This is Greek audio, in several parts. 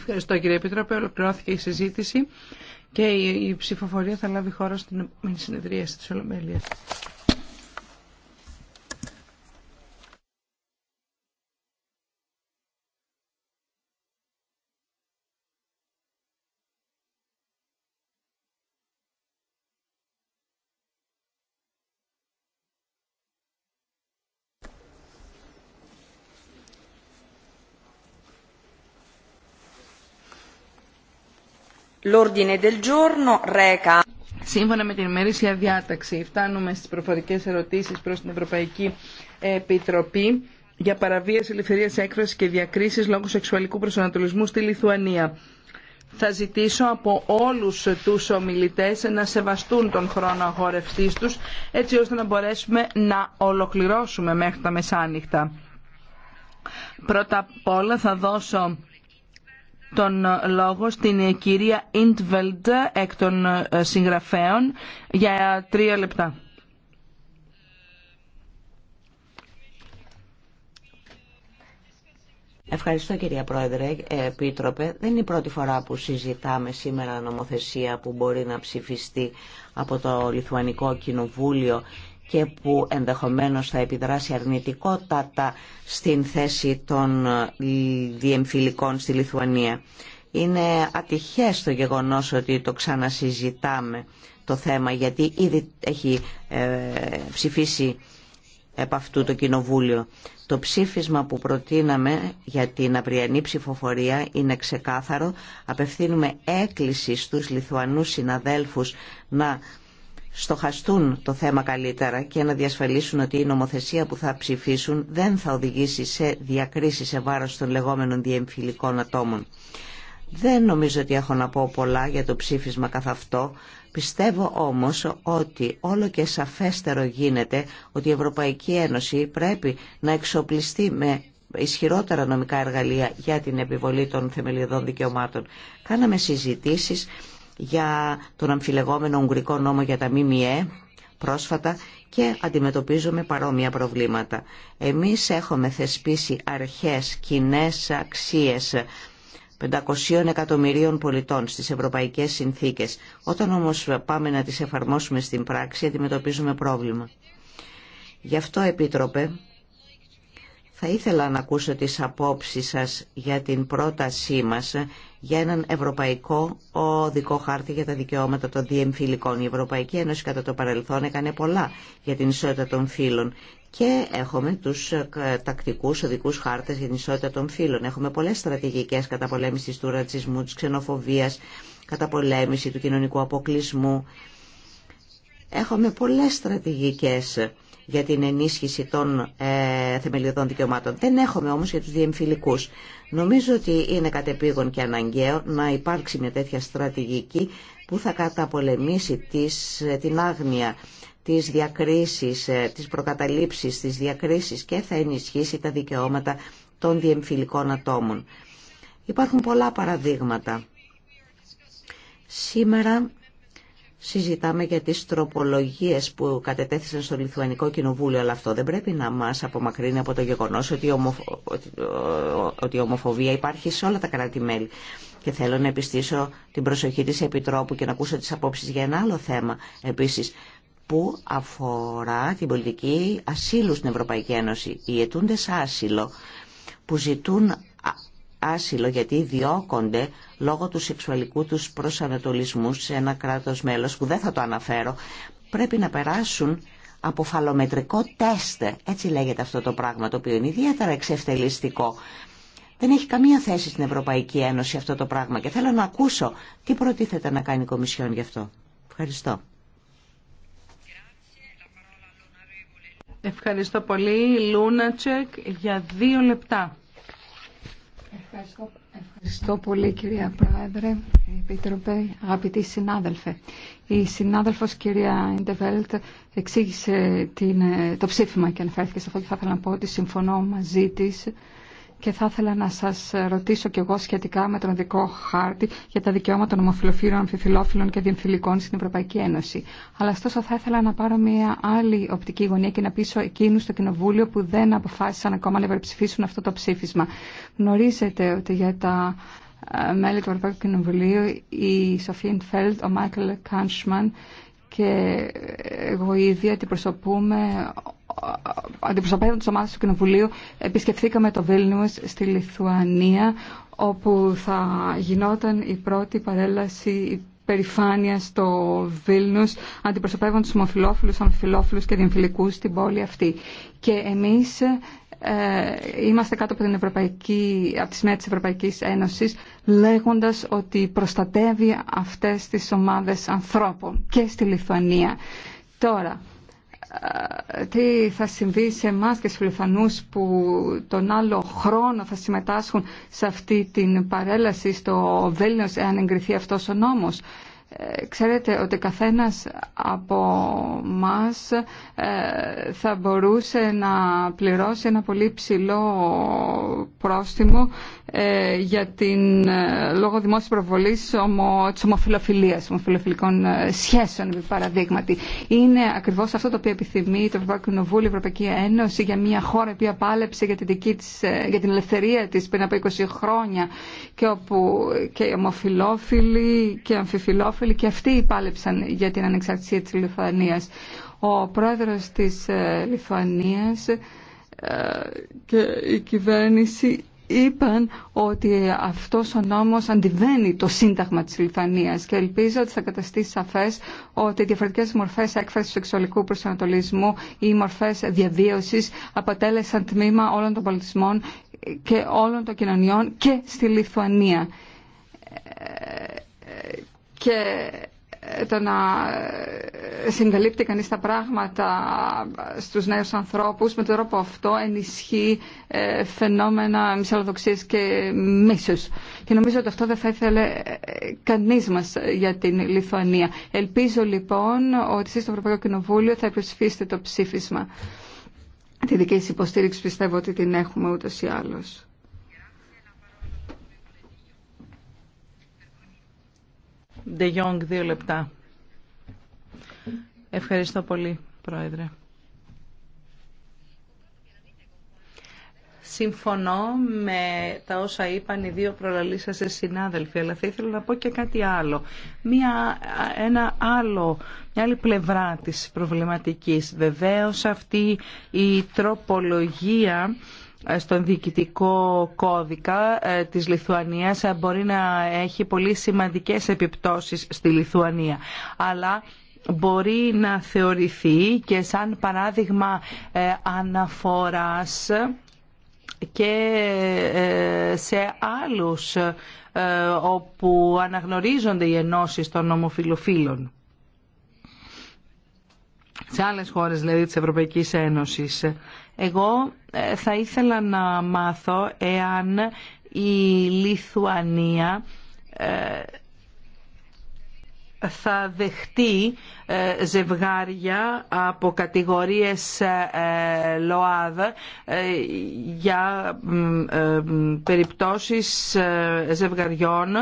Ευχαριστώ κύριε Επίτροπε. Ολοκληρώθηκε η συζήτηση και η ψηφοφορία θα λάβει χώρα στην συνεδρίαση της Ολομέλειας. Σύμφωνα με την ημερήσια διάταξη φτάνουμε στις προφορικές ερωτήσεις προς την Ευρωπαϊκή Επιτροπή για παραβίαση ελευθερίας έκφρασης και διακρίσεις λόγω σεξουαλικού προσανατολισμού στη Λιθουανία. Θα ζητήσω από όλους τους ομιλητές να σεβαστούν τον χρόνο αγόρευσής τους έτσι ώστε να μπορέσουμε να ολοκληρώσουμε μέχρι τα μεσάνυχτα. Πρώτα απ' όλα θα δώσω τον λόγο στην κυρία Ιντβελντ εκ των ε, συγγραφέων για τρία λεπτά. Ευχαριστώ κυρία Πρόεδρε, ε, Επίτροπε. Δεν είναι η πρώτη φορά που συζητάμε σήμερα νομοθεσία που μπορεί να ψηφιστεί από το Λιθουανικό Κοινοβούλιο και που ενδεχομένως θα επιδράσει αρνητικότατα στην θέση των διεμφυλικών στη Λιθουανία. Είναι ατυχές το γεγονός ότι το ξανασυζητάμε το θέμα γιατί ήδη έχει ε, ψηφίσει επ' αυτού το Κοινοβούλιο. Το ψήφισμα που προτείναμε για την αυριανή ψηφοφορία είναι ξεκάθαρο. Απευθύνουμε έκκληση στους Λιθουανούς συναδέλφους να στοχαστούν το θέμα καλύτερα και να διασφαλίσουν ότι η νομοθεσία που θα ψηφίσουν δεν θα οδηγήσει σε διακρίσεις σε βάρος των λεγόμενων διεμφυλικών ατόμων. Δεν νομίζω ότι έχω να πω πολλά για το ψήφισμα καθ' αυτό. Πιστεύω όμως ότι όλο και σαφέστερο γίνεται ότι η Ευρωπαϊκή Ένωση πρέπει να εξοπλιστεί με ισχυρότερα νομικά εργαλεία για την επιβολή των θεμελιωδών δικαιωμάτων. Κάναμε συζητήσεις για τον αμφιλεγόμενο Ουγγρικό νόμο για τα ΜΜΕ πρόσφατα και αντιμετωπίζουμε παρόμοια προβλήματα. Εμείς έχουμε θεσπίσει αρχές, κοινέ αξίες 500 εκατομμυρίων πολιτών στις ευρωπαϊκές συνθήκες. Όταν όμως πάμε να τις εφαρμόσουμε στην πράξη αντιμετωπίζουμε πρόβλημα. Γι' αυτό, Επίτροπε, θα ήθελα να ακούσω τις απόψεις σας για την πρότασή μας για έναν ευρωπαϊκό οδικό χάρτη για τα δικαιώματα των διεμφυλικών. Η Ευρωπαϊκή Ένωση κατά το παρελθόν έκανε πολλά για την ισότητα των φύλων και έχουμε τους ε, τακτικούς οδικούς χάρτες για την ισότητα των φύλων. Έχουμε πολλές στρατηγικές καταπολέμησης του ρατσισμού, της ξενοφοβίας, καταπολέμηση του κοινωνικού αποκλεισμού Έχουμε πολλές στρατηγικές για την ενίσχυση των ε, θεμελιωδών δικαιωμάτων. Δεν έχουμε όμως για τους διεμφυλικούς. Νομίζω ότι είναι κατεπήγον και αναγκαίο να υπάρξει μια τέτοια στρατηγική που θα καταπολεμήσει τις, ε, την άγνοια, της διακρίσεις, ε, της προκαταλήψεις, της διακρίσεις και θα ενισχύσει τα δικαιώματα των διεμφυλικών ατόμων. Υπάρχουν πολλά παραδείγματα. Σήμερα συζητάμε για τις τροπολογίες που κατετέθησαν στο Λιθουανικό Κοινοβούλιο, αλλά αυτό δεν πρέπει να μας απομακρύνει από το γεγονός ότι, ότι η ομοφοβία υπάρχει σε όλα τα κράτη-μέλη. Και θέλω να επιστήσω την προσοχή της Επιτρόπου και να ακούσω τις απόψεις για ένα άλλο θέμα επίσης που αφορά την πολιτική ασύλου στην Ευρωπαϊκή Ένωση. Οι αιτούντες άσυλο που ζητούν άσυλο γιατί διώκονται λόγω του σεξουαλικού τους προσανατολισμού σε ένα κράτος μέλος που δεν θα το αναφέρω πρέπει να περάσουν από φαλομετρικό τεστ έτσι λέγεται αυτό το πράγμα το οποίο είναι ιδιαίτερα εξευτελιστικό δεν έχει καμία θέση στην Ευρωπαϊκή Ένωση αυτό το πράγμα και θέλω να ακούσω τι προτίθεται να κάνει η Κομισιόν γι' αυτό. Ευχαριστώ. Ευχαριστώ πολύ. Λούνατσεκ για δύο λεπτά. Ευχαριστώ. πολύ κυρία Πρόεδρε, Επίτροπε, αγαπητοί συνάδελφε. Η συνάδελφος κυρία Ιντεβέλτ εξήγησε την, ε, το ψήφιμα και αναφέρθηκε σε αυτό και θα ήθελα να πω ότι συμφωνώ μαζί της και θα ήθελα να σας ρωτήσω κι εγώ σχετικά με τον δικό χάρτη για τα δικαιώματα των ομοφυλοφύλων, αμφιφιλόφιλων και διεμφυλικών στην Ευρωπαϊκή Ένωση. Αλλά ωστόσο θα ήθελα να πάρω μια άλλη οπτική γωνία και να πείσω εκείνους στο Κοινοβούλιο που δεν αποφάσισαν ακόμα να υπερψηφίσουν αυτό το ψήφισμα. Γνωρίζετε ότι για τα ε, μέλη του Ευρωπαϊκού Κοινοβουλίου η Σοφία Φέλτ, ο Μάικλ Κάνσμαν και εγώ ήδη αντιπροσωπούμε αντιπροσωπεύοντας ομάδα ομάδες του Κοινοβουλίου επισκεφθήκαμε το Βίλνιους στη Λιθουανία όπου θα γινόταν η πρώτη παρέλαση περηφάνεια στο Βίλνους αντιπροσωπεύουν τους ομοφιλόφιλους, ομοφιλόφιλους και διεμφυλικούς στην πόλη αυτή. Και εμείς ε, είμαστε κάτω από, την Ευρωπαϊκή, από τις της Ευρωπαϊκής Ένωσης λέγοντας ότι προστατεύει αυτές τις ομάδες ανθρώπων και στη Λιθουανία. Τώρα, ε, τι θα συμβεί σε εμά και στους Λιθουανούς που τον άλλο χρόνο θα συμμετάσχουν σε αυτή την παρέλαση στο Βέλνιος εάν εγκριθεί αυτός ο νόμος. Ε, ξέρετε ότι καθένας από μας ε, θα μπορούσε να πληρώσει ένα πολύ ψηλό πρόστιμο ε, για την λόγω δημόσιας προβολής ομο, της ομοφιλοφιλίας, ομοφιλοφιλικών σχέσεων, παραδείγματι. Είναι ακριβώς αυτό το οποίο επιθυμεί το Ευρωπαϊκό Κοινοβούλιο, η Ευρωπαϊκή Ένωση για μια χώρα που πάλεψε για την, δική της, για την ελευθερία της πριν από 20 χρόνια και όπου και οι ομοφιλόφιλοι και αμφιφιλόφιλοι και αυτοί υπάλεψαν για την ανεξαρτησία της Λιθουανίας. Ο πρόεδρος της ε, Λιθουανίας ε, και η κυβέρνηση είπαν ότι αυτός ο νόμος αντιβαίνει το σύνταγμα της Λιθανίας και ελπίζω ότι θα καταστήσει σαφές ότι οι διαφορετικές μορφές έκφρασης σεξουαλικού προσανατολισμού ή μορφές διαβίωσης αποτέλεσαν τμήμα όλων των πολιτισμών και όλων των κοινωνιών και στη Λιθουανία. Ε, και ε, το να ε, συγκαλύπτει κανείς τα πράγματα στους νέους ανθρώπους με τον τρόπο αυτό ενισχύει ε, φαινόμενα μυσαλλοδοξίας και μίσους. Και νομίζω ότι αυτό δεν θα ήθελε κανείς μας για την Λιθουανία. Ελπίζω λοιπόν ότι εσείς στο Ευρωπαϊκό Κοινοβούλιο θα επισφίσετε το ψήφισμα. Τη δική σας υποστήριξη πιστεύω ότι την έχουμε ούτως ή άλλως. De Jong, δύο λεπτά. Ευχαριστώ πολύ, Πρόεδρε. Συμφωνώ με τα όσα είπαν οι δύο προλαλήσασε συνάδελφοι, αλλά θα ήθελα να πω και κάτι άλλο. Μια, ένα άλλο, μια άλλη πλευρά της προβληματικής. Βεβαίως αυτή η τροπολογία ε, στον διοικητικό κώδικα ε, της Λιθουανίας ε, μπορεί να έχει πολύ σημαντικές επιπτώσεις στη Λιθουανία. Αλλά μπορεί να θεωρηθεί και σαν παράδειγμα αναφοράς και σε άλλους όπου αναγνωρίζονται οι ενώσεις των ομοφιλοφίλων σε άλλες χώρες δηλαδή της Ευρωπαϊκής Ένωσης. Εγώ ε, θα ήθελα να μάθω εάν η Λιθουανία ε, θα δεχτεί ε, ζευγάρια από κατηγορίες ΛΟΑΔ για περιπτώσεις ζευγαριών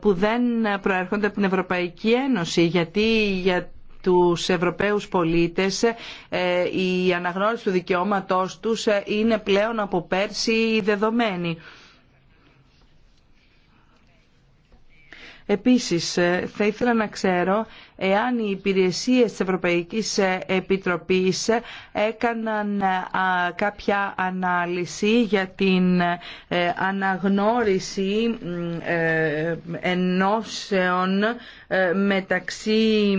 που δεν προέρχονται από την Ευρωπαϊκή Ένωση γιατί για τους Ευρωπαίους πολίτες ε, η αναγνώριση του δικαιώματός τους ε, είναι πλέον από πέρσι δεδομένη. Επίσης, ε, θα ήθελα να ξέρω εάν οι υπηρεσίες της Ευρωπαϊκής Επιτροπής έκαναν κάποια ανάλυση για την αναγνώριση ενώσεων μεταξύ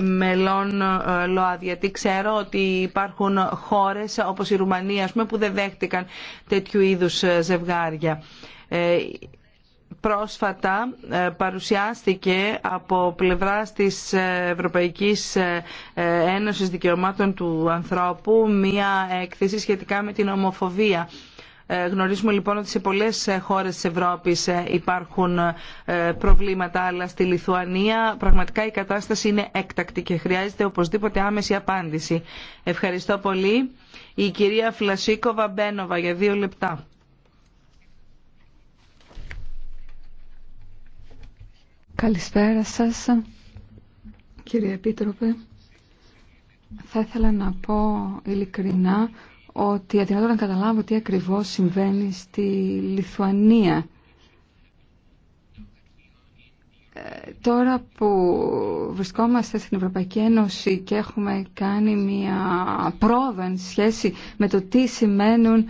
μελών ε, ΛΟΑΔ. Γιατί ξέρω ότι υπάρχουν χώρες όπως η Ρουμανία πούμε, που δεν δέχτηκαν τέτοιου είδους ε, ζευγάρια. Ε, πρόσφατα παρουσιάστηκε από πλευράς της Ευρωπαϊκής Ένωσης Δικαιωμάτων του Ανθρώπου μία έκθεση σχετικά με την ομοφοβία ε, γνωρίζουμε λοιπόν ότι σε πολλές ε, χώρες της Ευρώπης ε, υπάρχουν προβλήματα, αλλά στη Λιθουανία πραγματικά η κατάσταση είναι έκτακτη και χρειάζεται οπωσδήποτε άμεση απάντηση. Ευχαριστώ πολύ. Η κυρία Φλασίκοβα Μπένοβα για δύο λεπτά. Καλησπέρα σας, κύριε Επίτροπε. Θα ήθελα να πω ειλικρινά ότι αδυνατό να καταλάβω τι ακριβώς συμβαίνει στη Λιθουανία. Ε, τώρα που βρισκόμαστε στην Ευρωπαϊκή Ένωση και έχουμε κάνει μια πρόοδο σχέση με το τι σημαίνουν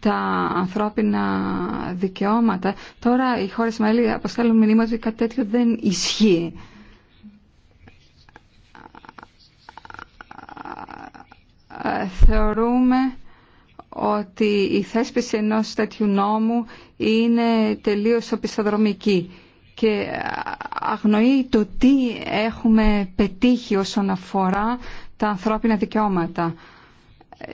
τα ανθρώπινα δικαιώματα, τώρα οι χώρες μέλη αποστέλουν μηνύματα ότι κάτι τέτοιο δεν ισχύει. Ε, θεωρούμε ότι η θέσπιση ενός τέτοιου νόμου είναι τελείως οπισθοδρομική και αγνοεί το τι έχουμε πετύχει όσον αφορά τα ανθρώπινα δικαιώματα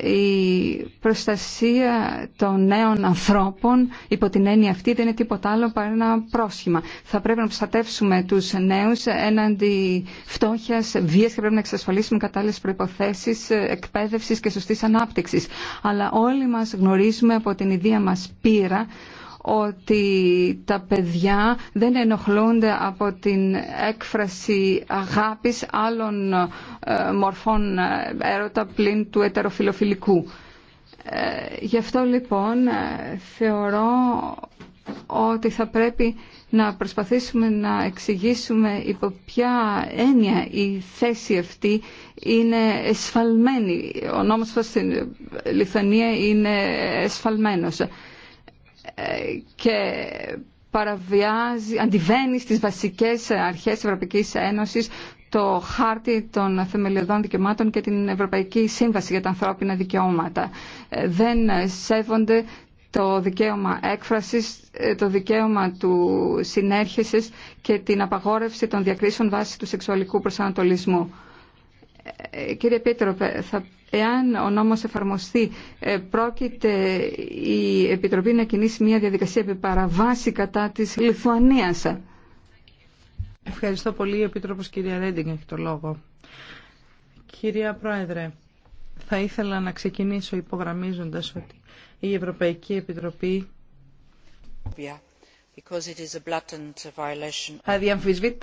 η προστασία των νέων ανθρώπων υπό την έννοια αυτή δεν είναι τίποτα άλλο παρά ένα πρόσχημα. Θα πρέπει να προστατεύσουμε τους νέους έναντι φτώχειας, βίας και πρέπει να εξασφαλίσουμε κατάλληλες προϋποθέσεις εκπαίδευσης και σωστής ανάπτυξης. Αλλά όλοι μας γνωρίζουμε από την ιδία μας πείρα ότι τα παιδιά δεν ενοχλούνται από την έκφραση αγάπης άλλων ε, μορφών ε, έρωτα πλην του ετεροφιλοφιλικού. Ε, γι' αυτό λοιπόν θεωρώ ότι θα πρέπει να προσπαθήσουμε να εξηγήσουμε υπό ποια έννοια η θέση αυτή είναι εσφαλμένη. Ο νόμος στην Λιθανία είναι εσφαλμένος. Ε, και παραβιάζει, αντιβαίνει στις βασικές αρχές της Ευρωπαϊκής Ένωσης το χάρτη των θεμελιωδών δικαιωμάτων και την Ευρωπαϊκή Σύμβαση για τα ανθρώπινα δικαιώματα. Ε, δεν σέβονται το δικαίωμα έκφρασης, ε, το δικαίωμα του συνέρχεσης και την απαγόρευση των διακρίσεων βάσει του σεξουαλικού προσανατολισμού. Κύριε Πίτροπε, θα Εάν ο νόμος εφαρμοστεί, ε, πρόκειται η Επιτροπή να κινήσει μια διαδικασία επιπαραβάση κατά της Λιθουανίας. Ευχαριστώ πολύ. Η Επίτροπος κυρία Ρέντινγκ έχει το λόγο. Κυρία Πρόεδρε, θα ήθελα να ξεκινήσω υπογραμμίζοντας ότι η Ευρωπαϊκή Επιτροπή... Because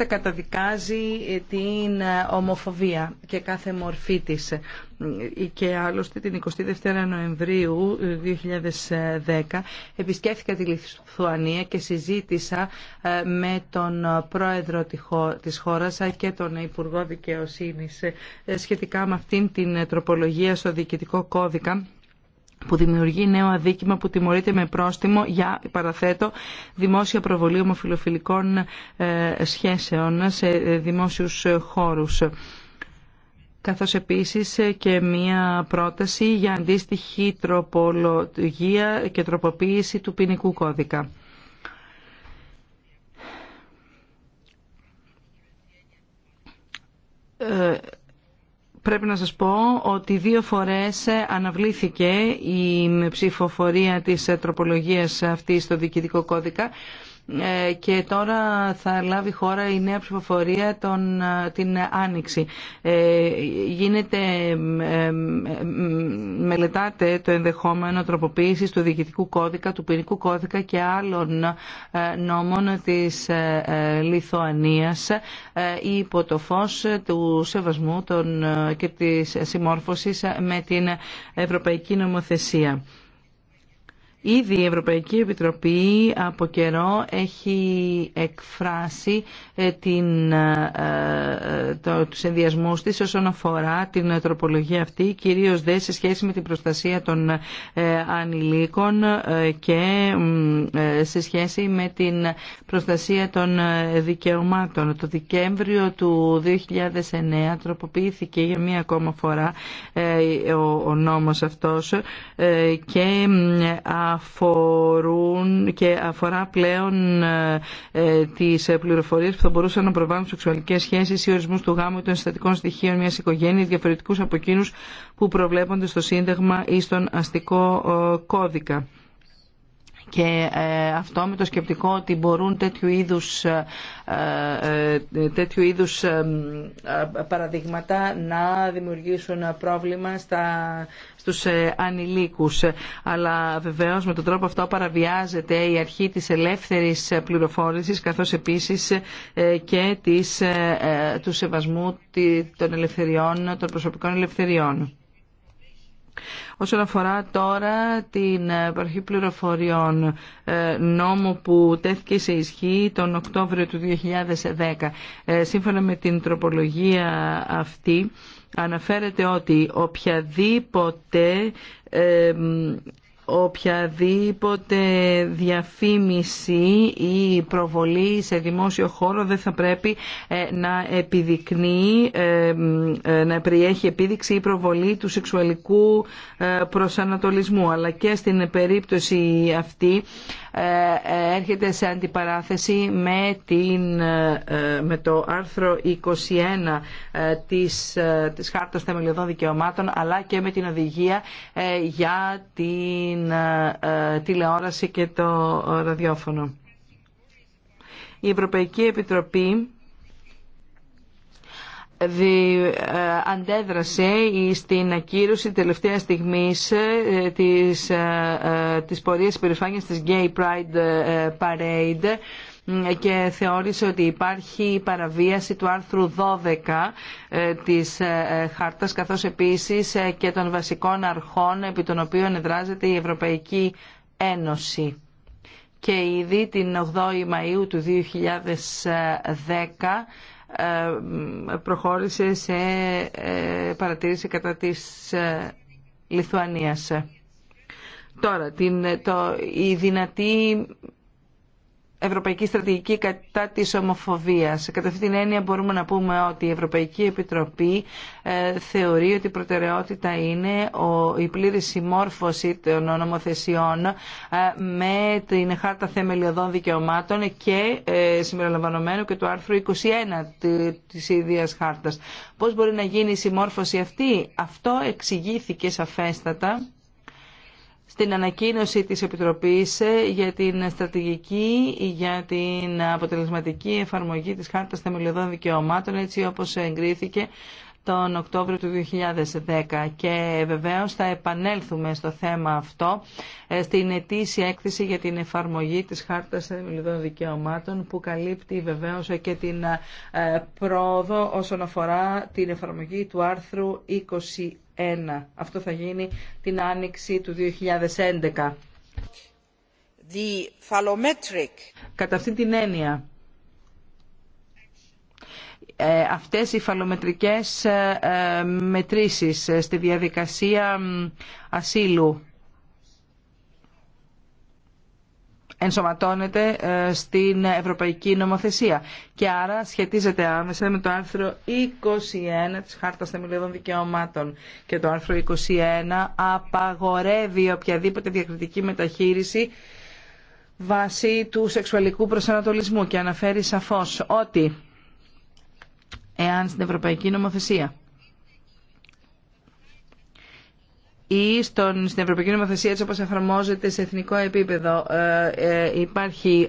καταδικάζει ε, την ε, ομοφοβία και κάθε μορφή της. Ε, και άλλωστε την 22 Νοεμβρίου 2010 επισκέφθηκα τη Λιθουανία και συζήτησα με τον πρόεδρο της χώρας και τον Υπουργό Δικαιοσύνης σχετικά με αυτήν την τροπολογία στο Διοικητικό Κώδικα που δημιουργεί νέο αδίκημα που τιμωρείται με πρόστιμο για, παραθέτω, δημόσια προβολή ομοφιλοφιλικών ε, σχέσεων σε ε, δημόσιους χώρους καθώς επίσης ε, και μία πρόταση για αντίστοιχη τροπολογία και τροποποίηση του ποινικού κώδικα. Πρέπει να σας πω ότι δύο φορές αναβλήθηκε η ψηφοφορία της τροπολογίας αυτής στο Διοικητικό Κώδικα ε, και τώρα θα λάβει χώρα η νέα ψηφοφορία τον, ε, την Άνοιξη. Ε, γίνεται, μελετάτε το ενδεχόμενο τροποποίησης του διοικητικού κώδικα, του ποινικού κώδικα και άλλων νόμων της Λιθωανίας υπό το φως του σεβασμού των, και της συμμόρφωσης με την Ευρωπαϊκή Νομοθεσία. Ήδη η Ευρωπαϊκή Επιτροπή από καιρό έχει εκφράσει ε, την, ε, ε, το, τους ενδιασμούς της όσον αφορά την τροπολογία αυτή, κυρίως δε σε σχέση με την προστασία των ανηλίκων και σε σχέση με την προστασία των δικαιωμάτων. Το Δεκέμβριο του 2009 τροποποιήθηκε για μία ακόμα φορά ο, ο νόμος αυτός και αφορούν και αφορά πλέον ε, ε, τις πληροφορίες που θα μπορούσαν να προβάλλουν σεξουαλικές σχέσεις ή ορισμούς του γάμου ή των συστατικών στοιχείων μιας οικογένειας διαφορετικούς από εκείνους που προβλέπονται στο Σύνταγμα ή στον αστικό ε, κώδικα και ε, αυτό με το σκεπτικό ότι μπορούν τέτοιου είδους, ε, ε, τέτοιου παραδείγματα να δημιουργήσουν πρόβλημα στα, στους ανηλίκους. Αλλά βεβαίως με τον τρόπο αυτό παραβιάζεται η αρχή της ελεύθερης πληροφόρησης καθώς επίσης και της, του σεβασμού των ελευθεριών, των προσωπικών ελευθεριών. Όσον αφορά τώρα την ε, παροχή πληροφοριών, ε, νόμου που τέθηκε σε ισχύ τον Οκτώβριο του 2010, ε, σύμφωνα με την τροπολογία αυτή, αναφέρεται ότι οποιαδήποτε οποιαδήποτε διαφήμιση ή προβολή σε δημόσιο χώρο δεν θα πρέπει ε, να επιδεικνύει, ε, ε, να περιέχει επίδειξη ή προβολή του σεξουαλικού προσανατολισμού. Αλλά και στην περίπτωση αυτή έρχεται σε αντιπαράθεση με, την, με το άρθρο 21 της, της Χάρτας Θεμελιωδών Δικαιωμάτων αλλά και με την οδηγία για την την ε, ε, τηλεόραση και το ραδιόφωνο. Η Ευρωπαϊκή Επιτροπή δι, ε, αντέδρασε στην ακύρωση τελευταία στιγμής της, της πορείας υπερηφάνειας της Gay Pride Parade και θεώρησε ότι υπάρχει παραβίαση του άρθρου 12 ε, της ε, χάρτας καθώς επίσης ε, και των βασικών αρχών επί των οποίων εδράζεται η Ευρωπαϊκή Ένωση. Και ήδη την 8η Μαΐου του 2010 προχώρησε σε παρατήρηση κατά της Λιθουανίας. Τώρα, την, το, η δυνατή Ευρωπαϊκή Στρατηγική κατά της ομοφοβίας. Κατά αυτή την έννοια μπορούμε να πούμε ότι η Ευρωπαϊκή Επιτροπή ε, θεωρεί ότι η προτεραιότητα είναι η πλήρη συμμόρφωση των νομοθεσιών ε, με την Χάρτα Θεμελιωδών Δικαιωμάτων και ε, συμπεριλαμβανομένου και του άρθρου 21 της ίδιας χάρτας. Πώς μπορεί να γίνει η συμμόρφωση αυτή. Αυτό εξηγήθηκε σαφέστατα στην ανακοίνωση της Επιτροπής ε, για την στρατηγική για την αποτελεσματική εφαρμογή της Χάρτας Θεμελιωδών Δικαιωμάτων έτσι όπως εγκρίθηκε τον Οκτώβριο του 2010 και βεβαίως θα επανέλθουμε στο θέμα αυτό ε, στην ετήσια έκθεση για την εφαρμογή της Χάρτας Θεμελιωδών Δικαιωμάτων που καλύπτει βεβαίως και την ε, πρόοδο όσον αφορά την εφαρμογή του άρθρου 20 αυτό θα γίνει την άνοιξη του 2011. The phallometric. Κατά αυτή την έννοια, ε, αυτές οι φαλομετρικές ε, ε, μετρήσεις στη διαδικασία ασύλου ενσωματώνεται ε, στην Ευρωπαϊκή Νομοθεσία και άρα σχετίζεται άμεσα με το άρθρο 21 της Χάρτας Θεμελιωδών Δικαιωμάτων και το άρθρο 21 απαγορεύει οποιαδήποτε διακριτική μεταχείριση βάσει του σεξουαλικού προσανατολισμού και αναφέρει σαφώς ότι εάν στην Ευρωπαϊκή Νομοθεσία ή στην Ευρωπαϊκή Νομοθεσία έτσι όπως εφαρμόζεται σε εθνικό επίπεδο ε, ε, υπάρχει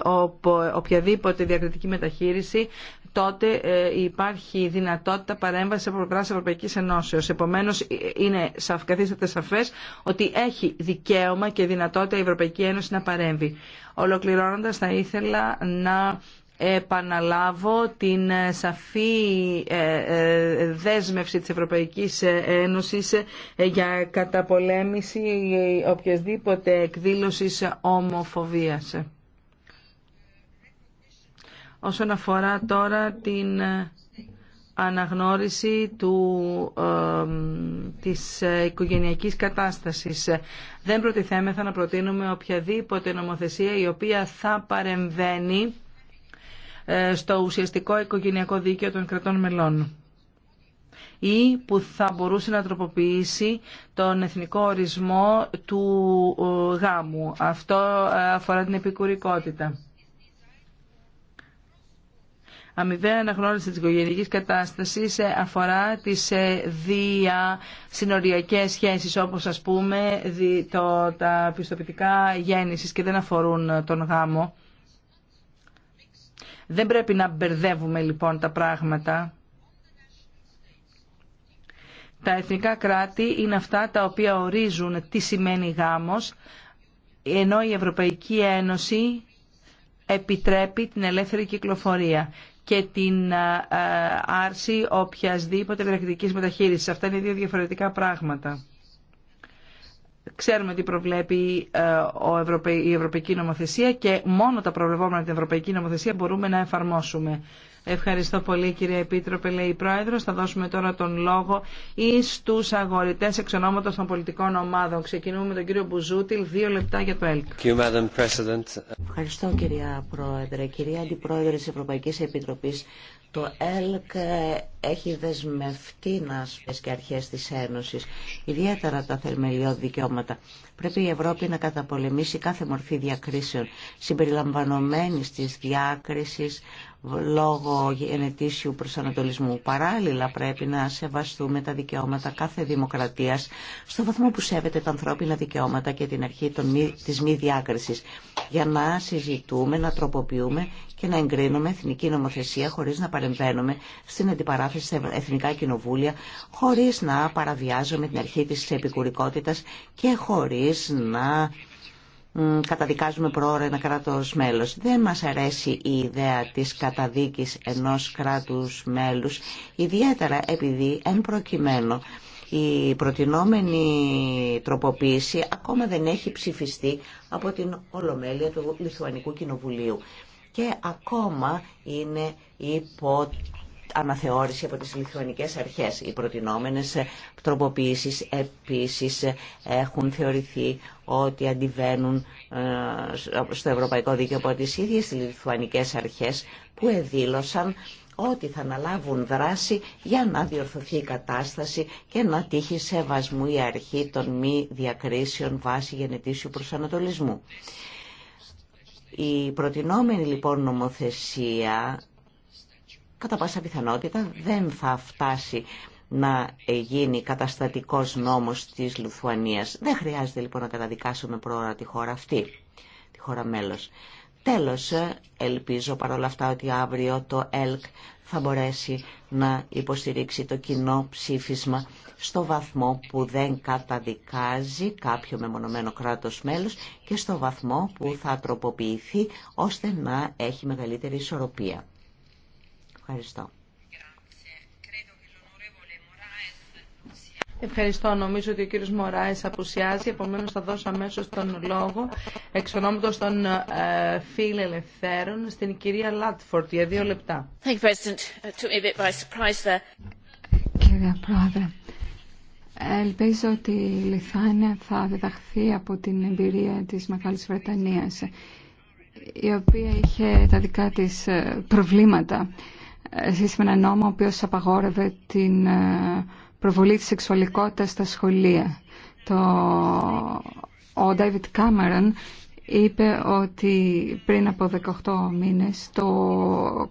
οποιαδήποτε διακριτική μεταχείριση τότε ε, υπάρχει δυνατότητα παρέμβαση από πλευρά Ευρωπαϊκή Ενώσεω. Επομένω, είναι σαφ, καθίσταται σαφέ ότι έχει δικαίωμα και δυνατότητα η Ευρωπαϊκή Ένωση να παρέμβει. Ολοκληρώνοντα, θα ήθελα να επαναλάβω την ε, σαφή ε, ε, δέσμευση της Ευρωπαϊκής Ένωσης για καταπολέμηση οποιασδήποτε εκδήλωσης ομοφοβίας. Όσον αφορά τώρα την αναγνώριση του, της οικογενειακής κατάστασης. Δεν προτιθέμεθα να προτείνουμε οποιαδήποτε νομοθεσία η οποία θα παρεμβαίνει ε, στο ουσιαστικό οικογενειακό δίκαιο των κρατών μελών ή που θα μπορούσε να τροποποιήσει τον εθνικό ορισμό του γάμου. Αυτό ε, αφορά την επικουρικότητα. Αμοιβαία αναγνώριση της οικογενειακής κατάστασης ε, αφορά τις δύο συνοριακές σχέσεις όπως ας πούμε το, τα πιστοποιητικά γέννησης και δεν αφορούν τον γάμο. Δεν πρέπει να μπερδεύουμε λοιπόν τα πράγματα. Τα εθνικά κράτη είναι αυτά τα οποία ορίζουν τι σημαίνει γάμος, ενώ η Ευρωπαϊκή Ένωση επιτρέπει την ελεύθερη κυκλοφορία και την άρση οποιασδήποτε πρακτικής μεταχείρισης. Αυτά είναι δύο διαφορετικά πράγματα. Ξέρουμε τι προβλέπει ε, η Ευρωπαϊκή Νομοθεσία και μόνο τα προβλεπόμενα την Ευρωπαϊκή Νομοθεσία μπορούμε να εφαρμόσουμε. Ευχαριστώ πολύ κύριε Επίτροπε, λέει η Πρόεδρος. Θα δώσουμε τώρα τον λόγο εις τους αγορητές εξ των πολιτικών ομάδων. Ξεκινούμε με τον κύριο Μπουζούτιλ, δύο λεπτά για το ΕΛΚ. Ευχαριστώ κυρία Πρόεδρε. Κυρία Αντιπρόεδρε της Ευρωπαϊκής Επιτροπής, το ΕΛΚ έχει δεσμευτεί να και αρχές της Ένωσης, ιδιαίτερα τα θερμελιώδη δικαιώματα. Πρέπει η Ευρώπη να καταπολεμήσει κάθε μορφή διακρίσεων, συμπεριλαμβανομένης της διάκρισης λόγω γενετήσιου προσανατολισμού. Παράλληλα πρέπει να σεβαστούμε τα δικαιώματα κάθε δημοκρατίας στο βαθμό που σέβεται τα ανθρώπινα δικαιώματα και την αρχή των μη, της μη διάκρισης για να συζητούμε, να τροποποιούμε και να εγκρίνουμε εθνική νομοθεσία χωρίς να παρεμβαίνουμε στην αντιπαράθεση στα εθνικά κοινοβούλια χωρίς να παραβιάζουμε την αρχή της επικουρικότητας και χωρίς να καταδικάζουμε προώρα ένα κράτος μέλος. Δεν μας αρέσει η ιδέα της καταδίκης ενός κράτους μέλους, ιδιαίτερα επειδή εν προκειμένου η προτινόμενη τροποποίηση ακόμα δεν έχει ψηφιστεί από την Ολομέλεια του Λιθουανικού Κοινοβουλίου και ακόμα είναι υπό αναθεώρηση από τις λιθουανικές αρχές. Οι προτινόμενες τροποποιήσεις επίσης έχουν θεωρηθεί ότι αντιβαίνουν ε, στο Ευρωπαϊκό Δίκαιο από τις ίδιες λιθουανικές αρχές που εδήλωσαν ότι θα αναλάβουν δράση για να διορθωθεί η κατάσταση και να τύχει σεβασμού η αρχή των μη διακρίσεων βάση γενετήσιου προσανατολισμού. Η προτινόμενη λοιπόν νομοθεσία κατά πάσα πιθανότητα δεν θα φτάσει να γίνει καταστατικός νόμος της Λουθουανίας. Δεν χρειάζεται λοιπόν να καταδικάσουμε πρόωρα τη χώρα αυτή, τη χώρα μέλος. Τέλος, ε, ελπίζω παρόλα αυτά ότι αύριο το ΕΛΚ θα μπορέσει να υποστηρίξει το κοινό ψήφισμα στο βαθμό που δεν καταδικάζει κάποιο μεμονωμένο κράτος μέλος και στο βαθμό που θα τροποποιηθεί ώστε να έχει μεγαλύτερη ισορροπία. Ευχαριστώ. Ευχαριστώ. Νομίζω ότι ο κύριο Μωράη απουσιάζει, Επομένω, θα δώσω αμέσω τον λόγο εξ ονόματο των ε, ελευθέρων στην κυρία Λάτφορντ για δύο λεπτά. Κύριε Πρόεδρε, ελπίζω ότι η Λιθάνια θα διδαχθεί από την εμπειρία τη μεγάλη Βρετανία, η οποία είχε τα δικά τη ε, προβλήματα ε, σχέση ένα νόμο ο οποίο απαγόρευε την ε, προβολή της σεξουαλικότητας στα σχολεία. Το... Ο Ντέιβιτ Cameron είπε ότι πριν από 18 μήνες το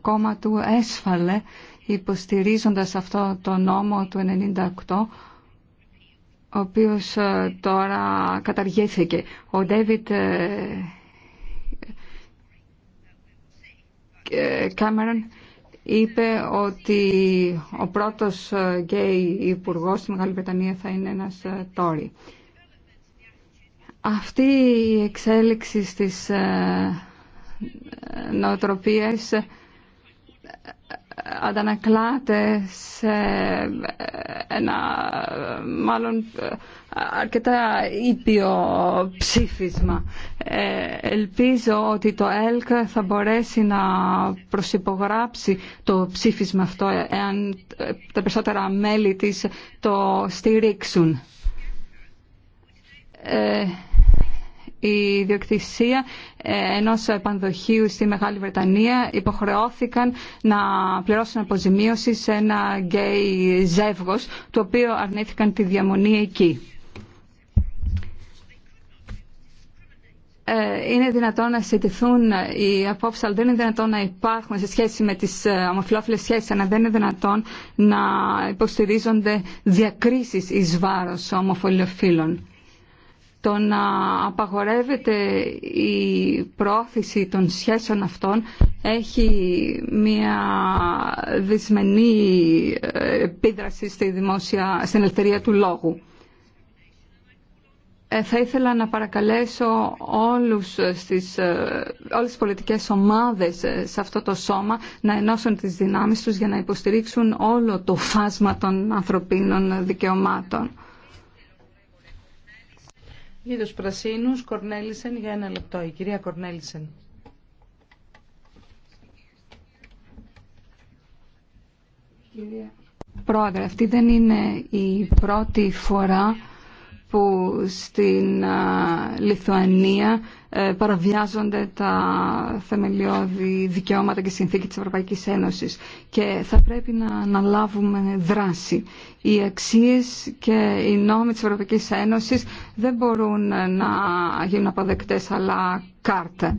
κόμμα του έσφαλε υποστηρίζοντας αυτό το νόμο του 98 ο οποίος ε, τώρα καταργήθηκε. Ο Ντέβιτ Κάμερον ε, είπε ότι ο πρώτος γκέι υπουργό στη Μεγάλη Βρετανία θα είναι ένας ε, τόρι. Αυτή η εξέλιξη στις ε, ε, νοοτροπίες αντανακλάται σε ένα μάλλον αρκετά ήπιο ψήφισμα. Ε, ελπίζω ότι το ΕΛΚ θα μπορέσει να προσυπογράψει το ψήφισμα αυτό εάν τα περισσότερα μέλη της το στηρίξουν. Ε, η διοκτησία ε, ενός πανδοχείου στη Μεγάλη Βρετανία υποχρεώθηκαν να πληρώσουν αποζημίωση σε ένα γκέι ζεύγος το οποίο αρνήθηκαν τη διαμονή εκεί. Ε, είναι δυνατόν να συζητηθούν οι απόψεις, αλλά δεν είναι δυνατόν να υπάρχουν σε σχέση με τις ε, ομοφυλόφιλες σχέσεις, αλλά δεν είναι δυνατόν να υποστηρίζονται διακρίσεις εις βάρος ομοφυλοφίλων το να απαγορεύεται η πρόθεση των σχέσεων αυτών έχει μια δυσμενή επίδραση στη δημόσια, στην ελευθερία του λόγου. Ε, θα ήθελα να παρακαλέσω όλους στις, ε, όλες τις πολιτικές ομάδες ε, σε αυτό το σώμα να ενώσουν τις δυνάμεις τους για να υποστηρίξουν όλο το φάσμα των ανθρωπίνων δικαιωμάτων. Για τους πρασίνους, Κορνέλισεν, για ένα λεπτό. Η κυρία Κορνέλισεν. Κυρία. Πρόεδρε, αυτή δεν είναι η πρώτη φορά που στην Λιθουανία ε, παραβιάζονται τα θεμελιώδη δικαιώματα και συνθήκη της Ευρωπαϊκής Ένωσης και θα πρέπει να αναλάβουμε δράση. Οι αξίες και οι νόμοι της Ευρωπαϊκής Ένωσης δεν μπορούν να γίνουν αποδεκτές αλλά κάρτε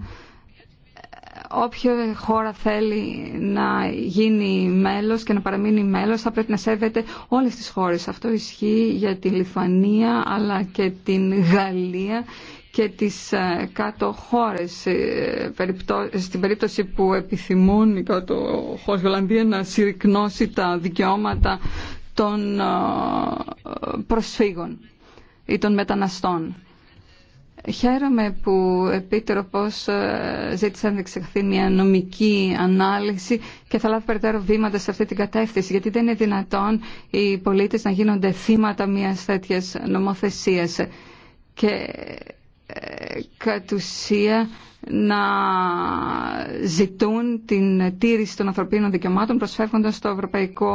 όποια χώρα θέλει να γίνει μέλος και να παραμείνει μέλος θα πρέπει να σέβεται όλες τις χώρες. Αυτό ισχύει για τη Λιθουανία αλλά και την Γαλλία και τις ε, κάτω χώρες ε, στην περίπτωση που επιθυμούν η κάτω χώρες να συρρυκνώσει τα δικαιώματα των ε, προσφύγων ή των μεταναστών. Χαίρομαι που ο Επίτροπος ε, ζήτησε να διεξαχθεί μια νομική ανάλυση και θα λάβει περαιτέρω βήματα σε αυτή την κατεύθυνση, γιατί δεν είναι δυνατόν οι πολίτες να γίνονται θύματα μιας τέτοιας νομοθεσίας και ε, κατ' ουσία να ζητούν την τήρηση των ανθρωπίνων δικαιωμάτων προσφεύγοντας στο Ευρωπαϊκό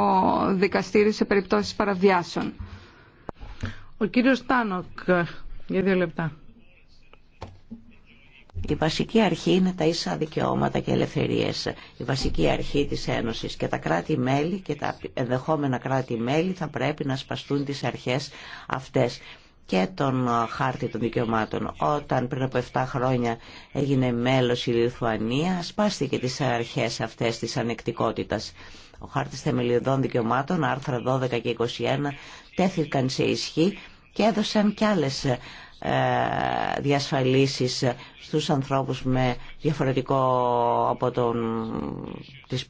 Δικαστήριο σε περιπτώσεις παραβιάσεων. Ο κύριος Τάνοκ, για δύο λεπτά. Η βασική αρχή είναι τα ίσα δικαιώματα και ελευθερίες. Η βασική αρχή της Ένωσης και τα κράτη-μέλη και τα ενδεχόμενα κράτη-μέλη θα πρέπει να σπαστούν τις αρχές αυτές και τον χάρτη των δικαιωμάτων. Όταν πριν από 7 χρόνια έγινε μέλος η Λιθουανία, σπάστηκε τις αρχές αυτές της ανεκτικότητας. Ο χάρτης θεμελιωδών δικαιωμάτων, άρθρα 12 και 21, τέθηκαν σε ισχύ και έδωσαν κι άλλες ε, διασφαλίσεις στους ανθρώπους με διαφορετικό από τον της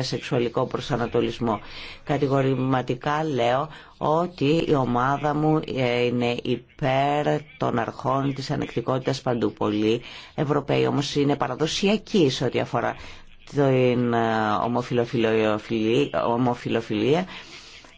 σεξουαλικό προσανατολισμό. Κατηγορηματικά λέω ότι η ομάδα μου ε, είναι υπέρ των αρχών της ανεκτικότητας παντού πολύ. Ευρωπαίοι όμως είναι παραδοσιακοί σε ό,τι αφορά την ε, ομοφιλοφιλία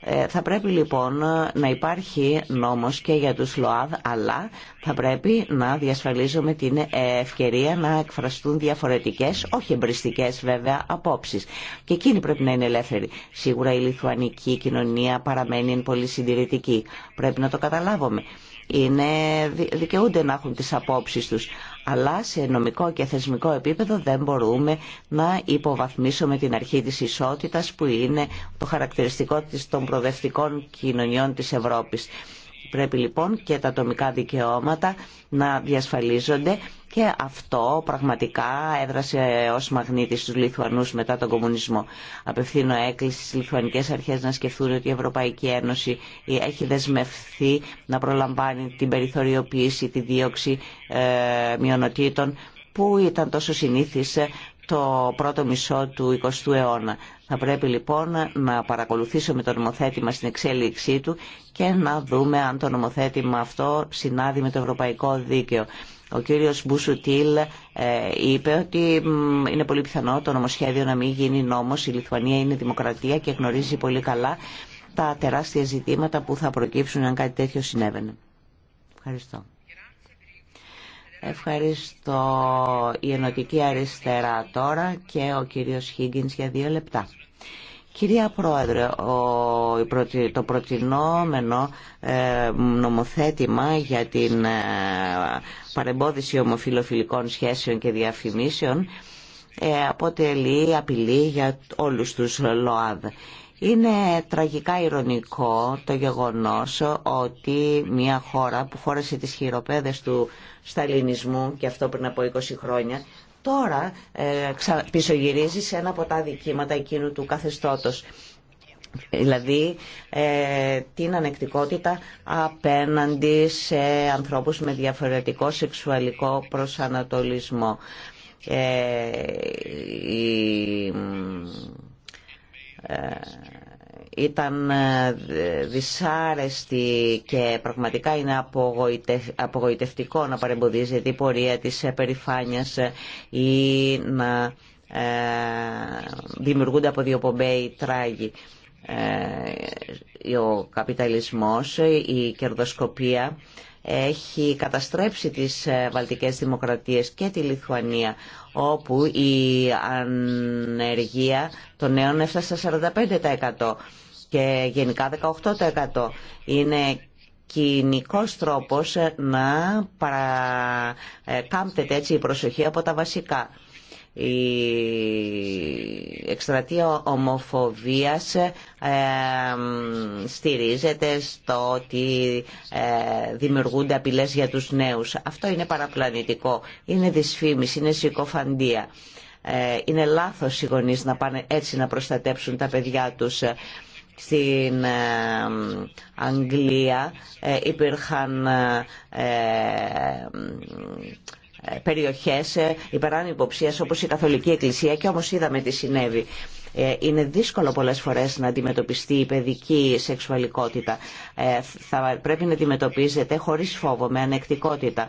ε, θα πρέπει λοιπόν να υπάρχει νόμος και για τους ΛΟΑΔ, αλλά θα πρέπει να διασφαλίζουμε την ευκαιρία να εκφραστούν διαφορετικές, όχι εμπριστικές βέβαια, απόψεις. Και εκείνοι πρέπει να είναι ελεύθερη. Σίγουρα η λιθουανική κοινωνία παραμένει πολύ συντηρητική. Πρέπει να το καταλάβουμε είναι, δικαιούνται να έχουν τις απόψεις τους. Αλλά σε νομικό και θεσμικό επίπεδο δεν μπορούμε να υποβαθμίσουμε την αρχή της ισότητας που είναι το χαρακτηριστικό της των προοδευτικών κοινωνιών της Ευρώπης. Πρέπει λοιπόν και τα ατομικά δικαιώματα να διασφαλίζονται και αυτό πραγματικά έδρασε ως μαγνήτης στους Λιθουανούς μετά τον κομμουνισμό. Απευθύνω έκκληση στις Λιθουανικές αρχές να σκεφτούν ότι η Ευρωπαϊκή Ένωση έχει δεσμευθεί να προλαμβάνει την περιθωριοποίηση, τη δίωξη ε, μειονοτήτων που ήταν τόσο συνήθισε το πρώτο μισό του 20ου αιώνα. Θα πρέπει λοιπόν να παρακολουθήσουμε το νομοθέτημα στην εξέλιξή του και να δούμε αν το νομοθέτημα αυτό συνάδει με το ευρωπαϊκό δίκαιο. Ο κύριος Μπουσουτήλ ε, είπε ότι είναι πολύ πιθανό το νομοσχέδιο να μην γίνει νόμος. Η Λιθουανία είναι δημοκρατία και γνωρίζει πολύ καλά τα τεράστια ζητήματα που θα προκύψουν αν κάτι τέτοιο συνέβαινε. Ευχαριστώ. Ευχαριστώ η Ενωτική Αριστερά τώρα και ο κύριος Χίγκινς για δύο λεπτά. Κυρία Πρόεδρε, το προτινόμενο ε, νομοθέτημα για την ε, παρεμπόδιση ομοφιλοφιλικών σχέσεων και διαφημίσεων ε, αποτελεί απειλή για όλους τους ΛΟΑΔ. Είναι τραγικά ηρωνικό το γεγονός ότι μια χώρα που φόρεσε τις χειροπέδες του σταλινισμού και αυτό πριν από 20 χρόνια τώρα ε, πισωγυρίζει σε ένα από τα δικήματα εκείνου του καθεστώτος. Δηλαδή ε, την ανεκτικότητα απέναντι σε ανθρώπους με διαφορετικό σεξουαλικό προσανατολισμό. Ε, ε ήταν ε, δυσάρεστη και πραγματικά είναι απογοητευτικό να παρεμποδίζεται η πορεία της περηφάνειας ή να ε, δημιουργούνται από διοπομπέοι τράγοι. Ε, ο καπιταλισμός, η να δημιουργουνται απο δυο πομπει έχει καταστρέψει τις βαλτικές δημοκρατίες και τη Λιθουανία όπου η ανεργία των νέων έφτασε στα 45% και γενικά 18%. Είναι κοινικό τρόπος να παρακάμπτεται ε, έτσι η προσοχή από τα βασικά. Η εκστρατεία ομοφοβίας ε, στηρίζεται στο ότι ε, δημιουργούνται απειλές για τους νέους. Αυτό είναι παραπλανητικό, είναι δυσφήμιση, είναι συκοφαντία. Ε, είναι λάθος οι γονείς να πάνε έτσι να προστατέψουν τα παιδιά τους στην ε, Αγγλία ε, υπήρχαν ε, περιοχές υπεράνω υποψίας όπως η Καθολική Εκκλησία και όμως είδαμε τι συνέβη. Είναι δύσκολο πολλές φορές να αντιμετωπιστεί η παιδική σεξουαλικότητα. Θα πρέπει να αντιμετωπίζεται χωρίς φόβο, με ανεκτικότητα.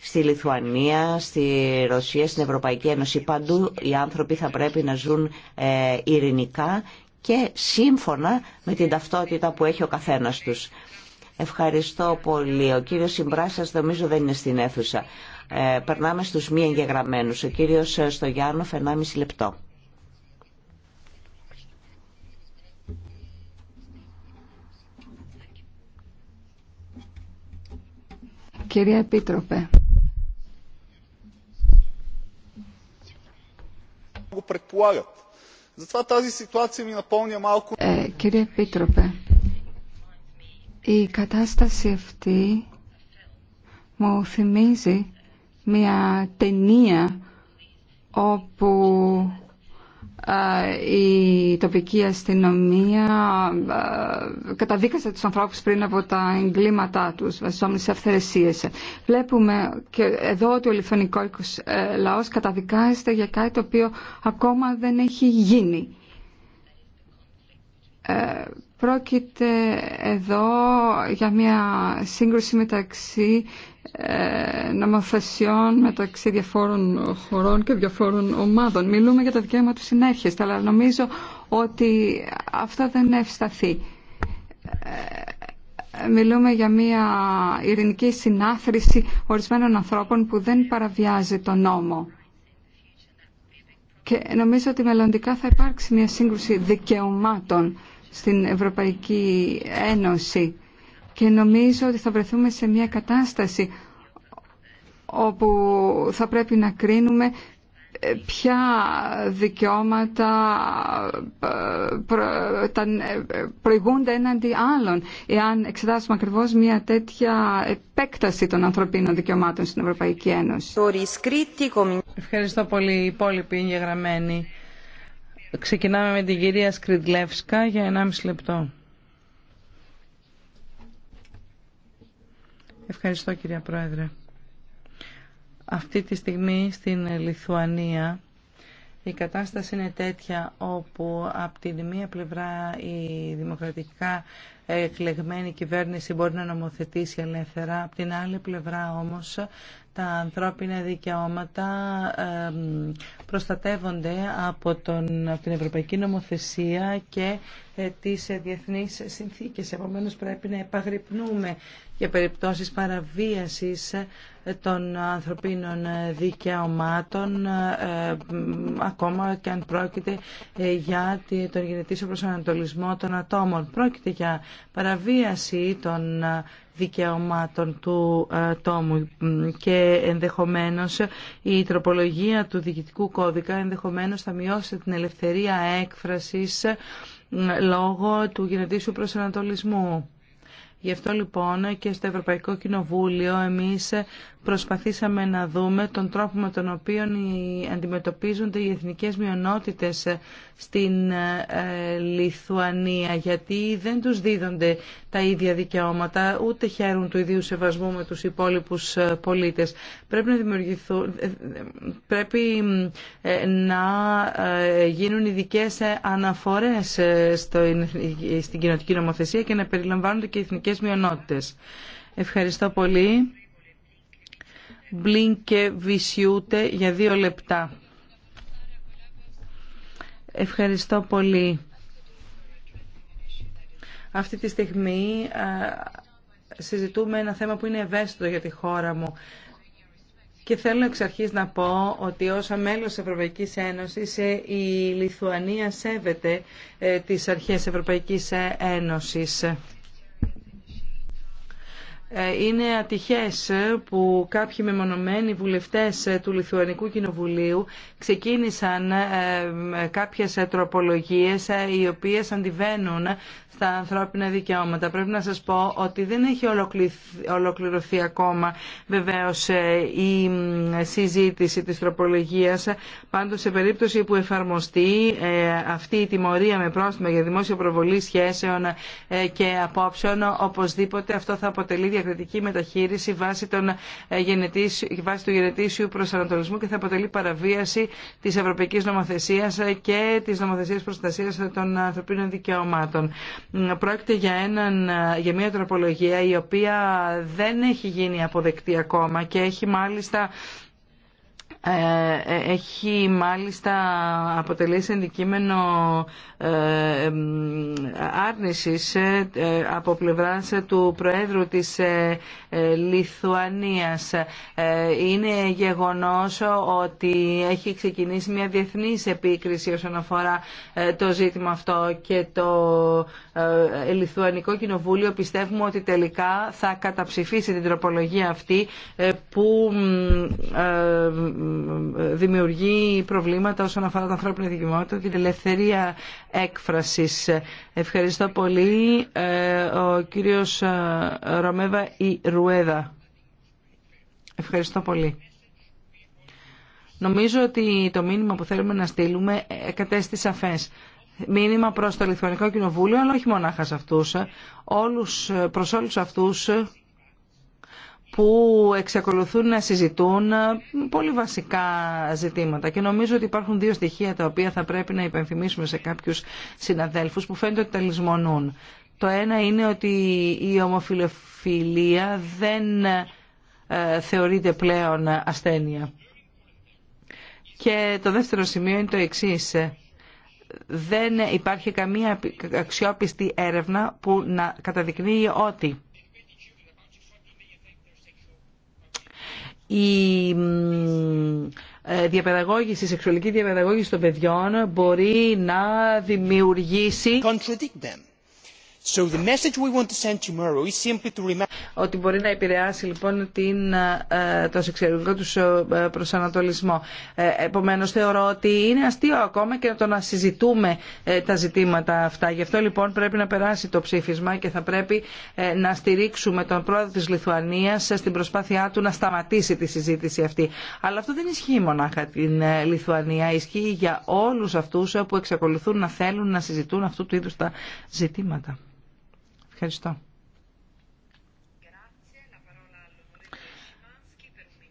Στη Λιθουανία, στη Ρωσία, στην Ευρωπαϊκή Ένωση, παντού οι άνθρωποι θα πρέπει να ζουν ειρηνικά και σύμφωνα με την ταυτότητα που έχει ο καθένας τους. Ευχαριστώ πολύ. Ο κύριος Συμπράσας νομίζω δεν είναι στην αίθουσα. Ε, περνάμε στους μη εγγεγραμμένους. Ο κύριος ε, Στογιάννοφ, 1,5 λεπτό. Κυρία Επίτροπε. Που κύριε Επίτροπε, η κατάσταση αυτή μου θυμίζει μια ταινία όπου η τοπική αστυνομία καταδίκασε τους ανθρώπους πριν από τα εγκλήματά τους βασιζόμενοι σε αυθαιρεσίες. Βλέπουμε και εδώ ότι ο λιθωνικός ε, λαός καταδικάζεται για κάτι το οποίο ακόμα δεν έχει γίνει. Ε, Πρόκειται εδώ για μια σύγκρουση μεταξύ ε, νομοθεσιών μεταξύ διαφόρων χωρών και διαφόρων ομάδων. Μιλούμε για το δικαίωμα του συνέχεια, αλλά νομίζω ότι αυτό δεν ευσταθεί. Ε, μιλούμε για μια ειρηνική συνάθρηση ορισμένων ανθρώπων που δεν παραβιάζει τον νόμο. Και νομίζω ότι μελλοντικά θα υπάρξει μια σύγκρουση δικαιωμάτων στην Ευρωπαϊκή Ένωση και νομίζω ότι θα βρεθούμε σε μια κατάσταση όπου θα πρέπει να κρίνουμε ε, ποια δικαιώματα ε, ε, προηγούνται έναντι άλλων εάν εξετάσουμε ακριβώς μια τέτοια επέκταση των ανθρωπίνων δικαιωμάτων στην Ευρωπαϊκή Ένωση. Ευχαριστώ πολύ οι υπόλοιποι εγγεγραμμένοι. Ξεκινάμε με την κυρία Σκριντλεύσκα για 1,5 λεπτό. Ευχαριστώ κυρία Πρόεδρε. Αυτή τη στιγμή στην Λιθουανία η κατάσταση είναι τέτοια όπου από την μία πλευρά η δημοκρατικά εκλεγμένη κυβέρνηση μπορεί να νομοθετήσει ελεύθερα, από την άλλη πλευρά όμως τα ανθρώπινα δικαιώματα προστατεύονται από, τον, από την Ευρωπαϊκή Νομοθεσία και ε, τις ε, διεθνείς συνθήκες. Επομένως πρέπει να επαγρυπνούμε για περιπτώσεις παραβίασης ε, των ανθρωπίνων δικαιωμάτων ακόμα και αν πρόκειται για τον γενετήσιο προσανατολισμό των ατόμων. Πρόκειται για παραβίαση των δικαιωμάτων του ε, τόμου και ενδεχομένως η τροπολογία του διοικητικού κώδικα ενδεχομένως θα μειώσει την ελευθερία έκφρασης ε, λόγω του γενετήσου προσανατολισμού. Γι' αυτό λοιπόν και στο Ευρωπαϊκό Κοινοβούλιο εμείς προσπαθήσαμε να δούμε τον τρόπο με τον οποίο αντιμετωπίζονται οι εθνικές μειονότητες στην ε, Λιθουανία γιατί δεν τους δίδονται τα ίδια δικαιώματα ούτε χαίρουν του ιδίου σεβασμού με τους υπόλοιπους ε, πολίτες. Πρέπει να δημιουργηθούν, ε, πρέπει να γίνουν ειδικέ αναφορές στην κοινωτική νομοθεσία και να περιλαμβάνονται και οι εθνικές μειονότητες. Ευχαριστώ πολύ. Μπλίνκε Βυσιούτε για δύο λεπτά. Ευχαριστώ πολύ. Αυτή τη στιγμή συζητούμε ένα θέμα που είναι ευαίσθητο για τη χώρα μου. Και θέλω εξ αρχής να πω ότι όσα μέλος της Ευρωπαϊκής Ένωσης ε, η Λιθουανία σέβεται ε, τις αρχές Ευρωπαϊκής Ένωσης. Ε, είναι ατυχές που κάποιοι μεμονωμένοι βουλευτές ε, του Λιθουανικού Κοινοβουλίου ξεκίνησαν ε, κάποιες τροπολογίες οι οποίες αντιβαίνουν στα ανθρώπινα δικαιώματα. Πρέπει να σας πω ότι δεν έχει ολοκληρωθεί ακόμα βεβαίως η συζήτηση της τροπολογίας. Πάντως σε περίπτωση που εφαρμοστεί αυτή η τιμωρία με πρόστιμα για δημόσια προβολή σχέσεων και απόψεων, οπωσδήποτε αυτό θα αποτελεί διακριτική μεταχείριση ε, βάσει, του γενετήσιου προσανατολισμού και θα αποτελεί παραβίαση τη Ευρωπαϊκή Νομοθεσία ε, και τη Νομοθεσία προστασίας των ανθρωπίνων δικαιωμάτων. Πρόκειται για, έναν, ε, για μια τροπολογία η οποία δεν έχει γίνει αποδεκτή ακόμα και έχει μάλιστα ε, ε, έχει μάλιστα αποτελέσει αντικείμενο ε, άρνησης από πλευράς του Προέδρου της Λιθουανίας. Είναι γεγονός ότι έχει ξεκινήσει μια διεθνής επίκριση όσον αφορά το ζήτημα αυτό και το Λιθουανικό Κοινοβούλιο πιστεύουμε ότι τελικά θα καταψηφίσει την τροπολογία αυτή που δημιουργεί προβλήματα όσον αφορά τα ανθρώπινα δικαιώματα και την ελευθερία έκφρασης. Ευχαριστώ πολύ. Ε, ο κύριος ε, Ρωμέβα η Ευχαριστώ πολύ. Νομίζω ότι το μήνυμα που θέλουμε να στείλουμε ε, κατέστη σαφές μήνυμα προς το Λιθουανικό Κοινοβούλιο, αλλά όχι μονάχα σε αυτούς, όλους, προς όλους αυτούς που εξακολουθούν να συζητούν πολύ βασικά ζητήματα. Και νομίζω ότι υπάρχουν δύο στοιχεία τα οποία θα πρέπει να υπενθυμίσουμε σε κάποιους συναδέλφους που φαίνεται ότι τα λησμονούν. Το ένα είναι ότι η ομοφιλοφιλία δεν ε, θεωρείται πλέον ασθένεια. Και το δεύτερο σημείο είναι το εξής. Δεν υπάρχει καμία αξιόπιστη έρευνα που να καταδεικνύει ότι η ε, διαπαιδαγώγηση, σεξουαλική διαπαιδαγώγηση των παιδιών μπορεί να δημιουργήσει ότι μπορεί να επηρεάσει λοιπόν την, ε, το σεξουαλικό του ε, προσανατολισμό. Ε, Επομένω, θεωρώ ότι είναι αστείο ακόμα και το να συζητούμε τα ζητήματα αυτά. Γι' αυτό λοιπόν πρέπει να περάσει το ψήφισμα και θα πρέπει να στηρίξουμε τον πρόεδρο τη Λιθουανία στην προσπάθειά του να σταματήσει τη συζήτηση αυτή. Αλλά αυτό δεν ισχύει μονάχα την Λιθουανία. Ισχύει για όλου αυτού που εξακολουθούν να θέλουν να συζητούν αυτού του είδου τα ζητήματα. Ευχαριστώ.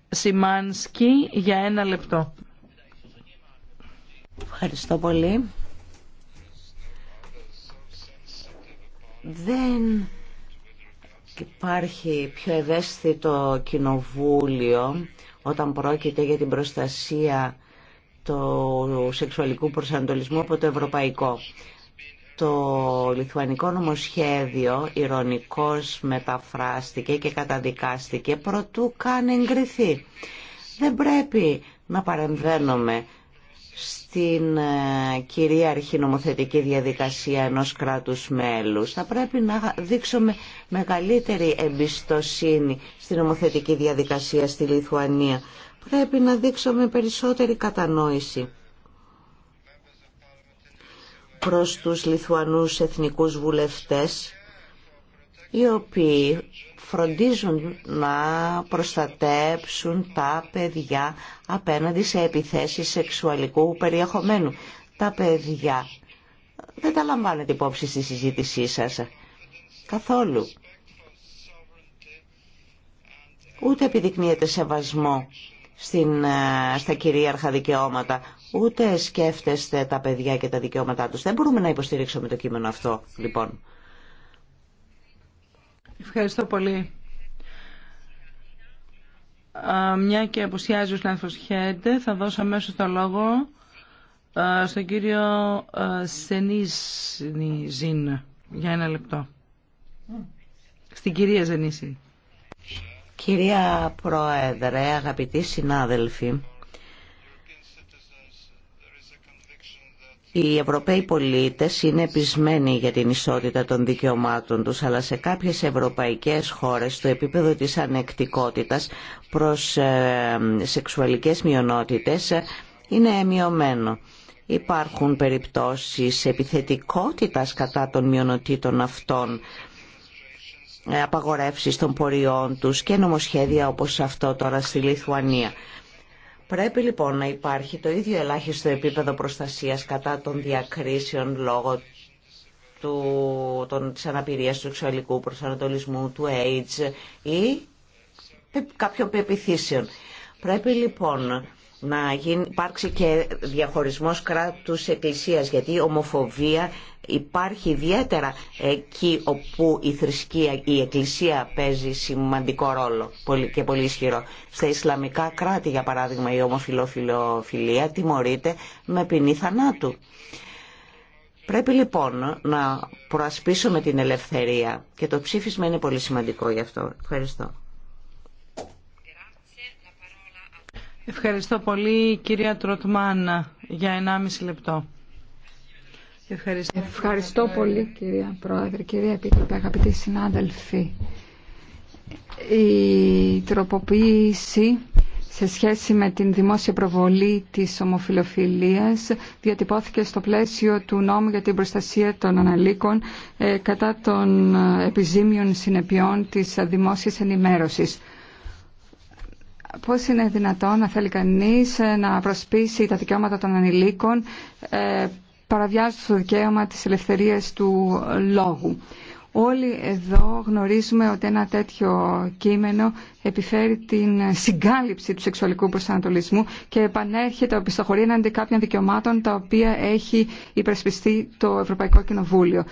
Σιμάνσκι για ένα λεπτό. Ευχαριστώ πολύ. Δεν υπάρχει πιο ευαίσθητο κοινοβούλιο όταν πρόκειται για την προστασία του σεξουαλικού προσανατολισμού από το ευρωπαϊκό. Το λιθουανικό νομοσχέδιο ηρωνικώς μεταφράστηκε και καταδικάστηκε προτού καν εγκριθεί. Δεν πρέπει να παρεμβαίνουμε στην ε, κυρίαρχη νομοθετική διαδικασία ενός κράτους μέλους. Θα πρέπει να δείξουμε μεγαλύτερη εμπιστοσύνη στην νομοθετική διαδικασία στη Λιθουανία. Πρέπει να δείξουμε περισσότερη κατανόηση προς τους Λιθουανούς εθνικούς βουλευτές οι οποίοι φροντίζουν να προστατέψουν τα παιδιά απέναντι σε επιθέσεις σεξουαλικού περιεχομένου. Τα παιδιά δεν τα λαμβάνετε υπόψη στη συζήτησή σας καθόλου. Ούτε επιδεικνύεται σεβασμό στην, ε, στα κυρίαρχα δικαιώματα ούτε σκέφτεστε τα παιδιά και τα δικαιώματά τους. Δεν μπορούμε να υποστηρίξουμε το κείμενο αυτό, λοιπόν. Ευχαριστώ πολύ. Μια και αποσιάζει ο Σλάνθος Χέντε, θα δώσω αμέσως το λόγο στον κύριο Σενίζιν για ένα λεπτό. Στην κυρία Ζενίση. Κυρία Πρόεδρε, αγαπητοί συνάδελφοι, Οι Ευρωπαίοι πολίτες είναι επισμένοι για την ισότητα των δικαιωμάτων τους, αλλά σε κάποιες ευρωπαϊκές χώρες το επίπεδο της ανεκτικότητας προς ε, σεξουαλικές μειονότητες ε, είναι μειωμένο. Υπάρχουν περιπτώσεις επιθετικότητας κατά των μειονοτήτων αυτών, ε, απαγορεύσεις των ποριών τους και νομοσχέδια όπως αυτό τώρα στη Λιθουανία. Πρέπει λοιπόν να υπάρχει το ίδιο ελάχιστο επίπεδο προστασίας κατά των διακρίσεων λόγω του, των, της αναπηρίας του σεξουαλικού προσανατολισμού, του AIDS ή κάποιων πεπιθήσεων. Πρέπει λοιπόν να γίνει, υπάρξει και διαχωρισμός κράτους εκκλησίας γιατί η ομοφοβία υπάρχει ιδιαίτερα εκεί όπου η θρησκεία, η εκκλησία παίζει σημαντικό ρόλο και πολύ ισχυρό. Στα Ισλαμικά κράτη για παράδειγμα η ομοφιλοφιλοφιλία τιμωρείται με ποινή θανάτου. Πρέπει λοιπόν να προασπίσουμε την ελευθερία και το ψήφισμα είναι πολύ σημαντικό γι' αυτό. Ευχαριστώ. Ευχαριστώ πολύ κυρία Τροτμάνα, για 1,5 λεπτό. Ευχαριστώ, Ευχαριστώ πολύ κυρία Πρόεδρε, κυρία Επίτροπε, αγαπητοί συνάδελφοι. Η τροποποίηση σε σχέση με την δημόσια προβολή της ομοφιλοφιλίας διατυπώθηκε στο πλαίσιο του νόμου για την προστασία των αναλύκων ε, κατά των επιζήμιων συνεπειών της δημόσιας ενημέρωσης. Πώς είναι δυνατόν να θέλει κανείς ε, να προσπίσει τα δικαιώματα των ανηλίκων ε, παραβιάζοντας το δικαίωμα της ελευθερίας του λόγου. Όλοι εδώ γνωρίζουμε ότι ένα τέτοιο κείμενο επιφέρει την συγκάλυψη του σεξουαλικού προσανατολισμού και επανέρχεται οπισθοχωρή εναντί κάποιων δικαιωμάτων τα οποία έχει υπερασπιστεί το Ευρωπαϊκό Κοινοβούλιο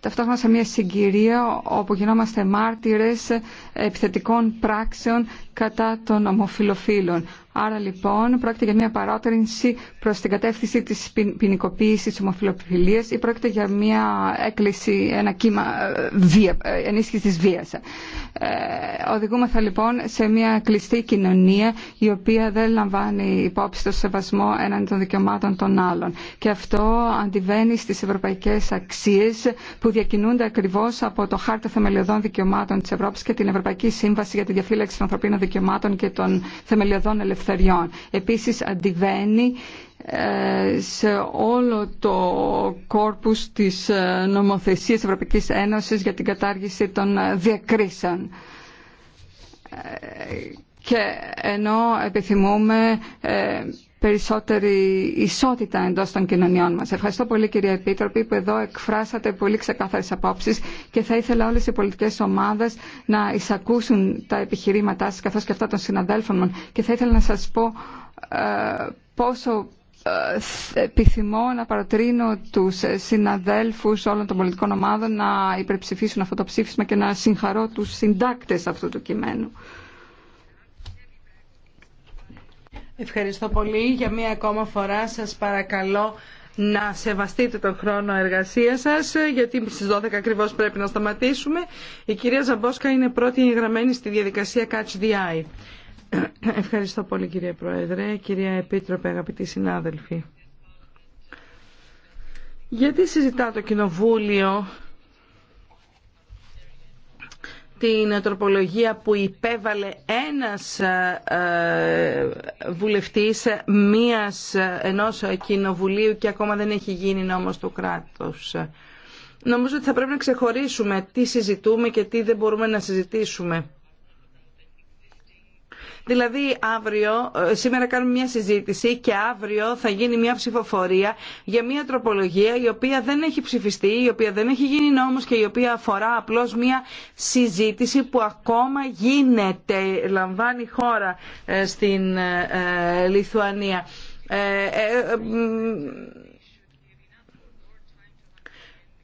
ταυτόχρονα σε μια συγκυρία όπου γινόμαστε μάρτυρες επιθετικών πράξεων κατά των ομοφιλοφίλων. Άρα λοιπόν πρόκειται για μια παρότρινση προς την κατεύθυνση της ποινικοποίηση της ομοφιλοφιλίας ή πρόκειται για μια έκκληση, ένα κύμα ε, βία, ε, ενίσχυσης της βίας. Ε, οδηγούμεθα λοιπόν σε μια κλειστή κοινωνία η οποία δεν λαμβάνει υπόψη το σεβασμό έναντι των δικαιωμάτων των άλλων. Και αυτό αντιβαίνει στις ευρωπαϊκές αξίες που διακινούνται ακριβώς από το Χάρτη Θεμελιωδών Δικαιωμάτων της Ευρώπης και την Ευρωπαϊκή Σύμβαση για τη Διαφύλαξη των Ανθρωπίνων Δικαιωμάτων και των Θεμελιωδών ελευθερων ελευθεριών. Επίσης αντιβαίνει ε, σε όλο το κόρπους της ε, νομοθεσίας Ευρωπαϊκής Ένωσης για την κατάργηση των ε, διακρίσεων και ενώ επιθυμούμε ε, περισσότερη ισότητα εντός των κοινωνιών μας. Ευχαριστώ πολύ κυρία Επίτροπη που εδώ εκφράσατε πολύ ξεκάθαρες απόψεις και θα ήθελα όλες οι πολιτικές ομάδες να εισακούσουν τα επιχειρήματά σας καθώς και αυτά των συναδέλφων μου και θα ήθελα να σας πω ε, πόσο ε, επιθυμώ να παρατρύνω τους συναδέλφους όλων των πολιτικών ομάδων να υπερψηφίσουν αυτό το ψήφισμα και να συγχαρώ τους συντάκτες αυτού του κειμένου. Ευχαριστώ πολύ. Για μία ακόμα φορά σας παρακαλώ να σεβαστείτε τον χρόνο εργασίας σας, γιατί στις 12 ακριβώς πρέπει να σταματήσουμε. Η κυρία Ζαμπόσκα είναι πρώτη γραμμένη στη διαδικασία Catch the Eye. Ευχαριστώ πολύ κυρία Πρόεδρε, κυρία Επίτροπε, αγαπητοί συνάδελφοι. Γιατί συζητά το Κοινοβούλιο την τροπολογία που υπέβαλε ένας ε, ε, βουλευτής μίας ενός κοινοβουλίου και ακόμα δεν έχει γίνει νόμος του κράτους. Νομίζω ότι θα πρέπει να ξεχωρίσουμε τι συζητούμε και τι δεν μπορούμε να συζητήσουμε. Δηλαδή αύριο, ε, σήμερα κάνουμε μια συζήτηση και αύριο θα γίνει μια ψηφοφορία για μια τροπολογία η οποία δεν έχει ψηφιστεί, η οποία δεν έχει γίνει νόμος και η οποία αφορά απλώς μια συζήτηση που ακόμα γίνεται, λαμβάνει χώρα ε, στην ε, Λιθουανία.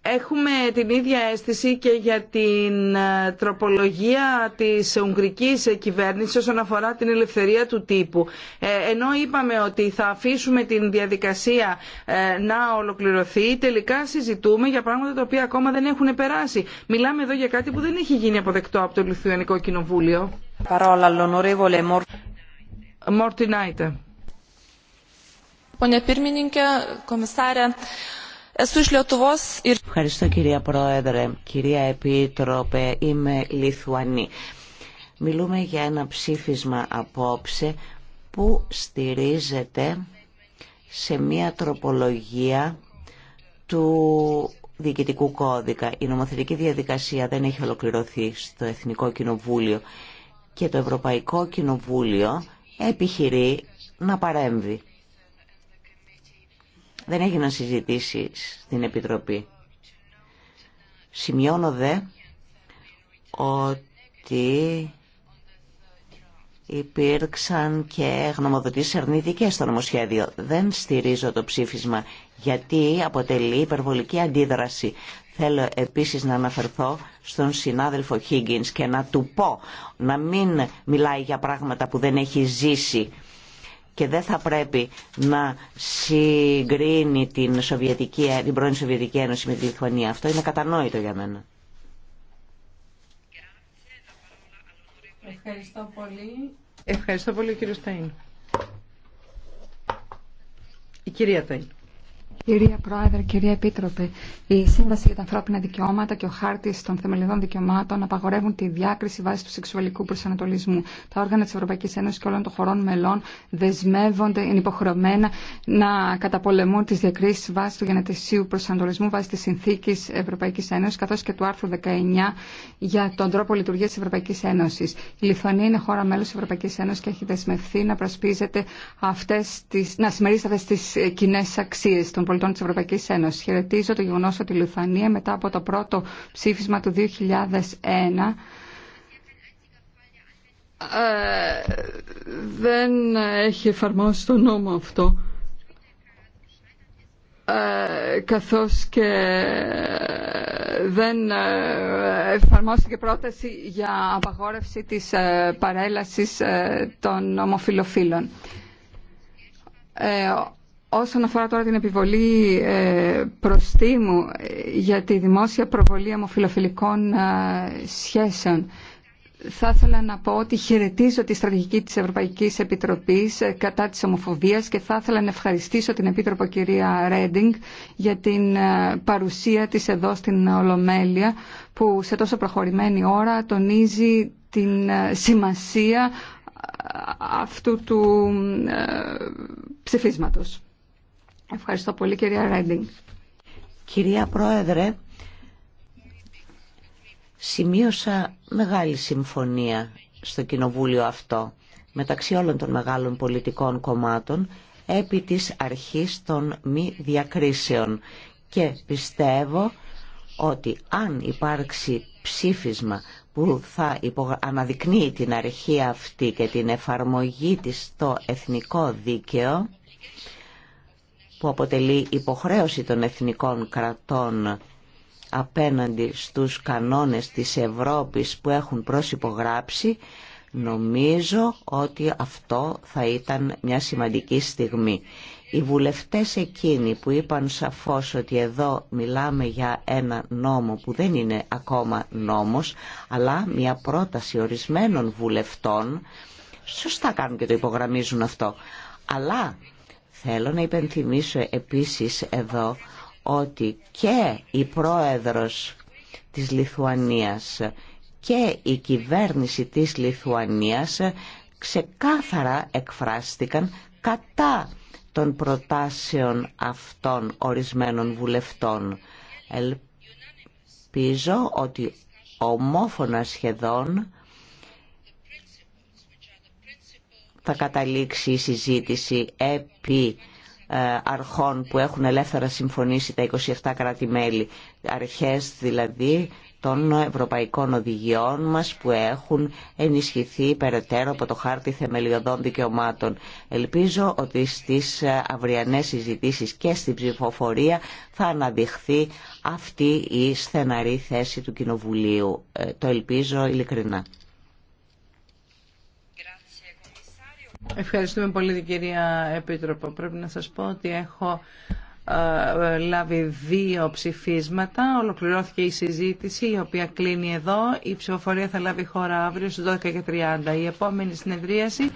Έχουμε την ίδια αίσθηση και για την ε, τροπολογία της Ουγγρικής κυβέρνησης όσον αφορά την ελευθερία του τύπου. Ε, ενώ είπαμε ότι θα αφήσουμε την διαδικασία ε, να ολοκληρωθεί, τελικά συζητούμε για πράγματα τα οποία ακόμα δεν έχουν περάσει. Μιλάμε εδώ για κάτι που δεν έχει γίνει αποδεκτό από το Λιθουανικό Κοινοβούλιο. Παρόλα, Ευχαριστώ κυρία Πρόεδρε, κυρία Επίτροπε, είμαι Λιθουανή. Μιλούμε για ένα ψήφισμα απόψε που στηρίζεται σε μια τροπολογία του διοικητικού κώδικα. Η νομοθετική διαδικασία δεν έχει ολοκληρωθεί στο Εθνικό Κοινοβούλιο και το Ευρωπαϊκό Κοινοβούλιο επιχειρεί να παρέμβει. Δεν έγιναν συζητήσει στην Επιτροπή. Σημειώνω δε ότι υπήρξαν και γνωμοδοτήσεις αρνητικές στο νομοσχέδιο. Δεν στηρίζω το ψήφισμα γιατί αποτελεί υπερβολική αντίδραση. Θέλω επίσης να αναφερθώ στον συνάδελφο Χίγκινς και να του πω να μην μιλάει για πράγματα που δεν έχει ζήσει και δεν θα πρέπει να συγκρίνει την, Σοβιετική, την πρώην Σοβιετική Ένωση με τη Λιθουανία. Αυτό είναι κατανόητο για μένα. Ευχαριστώ πολύ. Ευχαριστώ πολύ κύριο Σταΐν. Η κυρία Σταΐν. Κυρία Πρόεδρε, κυρία Επίτροπε, η Σύμβαση για τα Ανθρώπινα Δικαιώματα και ο Χάρτη των Θεμελιωδών Δικαιωμάτων απαγορεύουν τη διάκριση βάσει του σεξουαλικού προσανατολισμού. Τα όργανα τη Ευρωπαϊκή Ένωση και όλων των χωρών μελών δεσμεύονται, είναι υποχρεωμένα να καταπολεμούν τι διακρίσει βάσει του γενετησίου προσανατολισμού, βάσει τη συνθήκη Ευρωπαϊκή Ένωση, καθώ και του άρθρου 19 για τον τρόπο λειτουργία τη Ευρωπαϊκή Ένωση. Η Λιθουανία είναι χώρα μέλο τη Ευρωπαϊκή Ένωση και έχει δεσμευθεί να αυτές τις, να συμμερίζεται αυτέ τι κοινέ αξίε των πολιτών της Ευρωπαϊκής Ένωσης. Χαιρετίζω το γεγονό ότι η Λιθουανία μετά από το πρώτο ψήφισμα του 2001 ε, δεν έχει εφαρμόσει το νόμο αυτό ε, καθώς και δεν ε, εφαρμόστηκε πρόταση για απαγόρευση της ε, παρέλασης ε, των ομοφιλοφίλων. Όσον αφορά τώρα την επιβολή ε, προστήμου ε, για τη δημόσια προβολή αμοφιλοφιλικών ε, σχέσεων, θα ήθελα να πω ότι χαιρετίζω τη στρατηγική της Ευρωπαϊκής Επιτροπής κατά της ομοφοβίας και θα ήθελα να ευχαριστήσω την Επίτροπο κυρία Ρέντινγκ για την παρουσία της εδώ στην Ολομέλεια που σε τόσο προχωρημένη ώρα τονίζει την σημασία αυτού του ψηφίσματος. Ευχαριστώ πολύ κυρία Ρέντινγκ. Κυρία Πρόεδρε, σημείωσα μεγάλη συμφωνία στο κοινοβούλιο αυτό μεταξύ όλων των μεγάλων πολιτικών κομμάτων επί της αρχής των μη διακρίσεων και πιστεύω ότι αν υπάρξει ψήφισμα που θα αναδεικνύει την αρχή αυτή και την εφαρμογή της στο εθνικό δίκαιο που αποτελεί υποχρέωση των εθνικών κρατών απέναντι στους κανόνες της Ευρώπης που έχουν προσυπογράψει, νομίζω ότι αυτό θα ήταν μια σημαντική στιγμή. Οι βουλευτές εκείνοι που είπαν σαφώς ότι εδώ μιλάμε για ένα νόμο που δεν είναι ακόμα νόμος, αλλά μια πρόταση ορισμένων βουλευτών, σωστά κάνουν και το υπογραμμίζουν αυτό, αλλά Θέλω να υπενθυμίσω επίσης εδώ ότι και η πρόεδρος της Λιθουανίας και η κυβέρνηση της Λιθουανίας ξεκάθαρα εκφράστηκαν κατά των προτάσεων αυτών ορισμένων βουλευτών. Ελπίζω ότι ομόφωνα σχεδόν θα καταλήξει η συζήτηση επί ε, αρχών που έχουν ελεύθερα συμφωνήσει τα 27 κράτη-μέλη, αρχές δηλαδή των ευρωπαϊκών οδηγιών μας που έχουν ενισχυθεί περαιτέρω από το χάρτη θεμελιωδών δικαιωμάτων. Ελπίζω ότι στις ε, αυριανές συζητήσεις και στην ψηφοφορία θα αναδειχθεί αυτή η στεναρή θέση του Κοινοβουλίου. Ε, το ελπίζω ειλικρινά. Ευχαριστούμε πολύ κυρία Επίτροπο. Πρέπει να σας πω ότι έχω ε, λάβει δύο ψηφίσματα. Ολοκληρώθηκε η συζήτηση, η οποία κλείνει εδώ. Η ψηφοφορία θα λάβει χώρα αύριο στις 12.30. Η επόμενη συνεδρίαση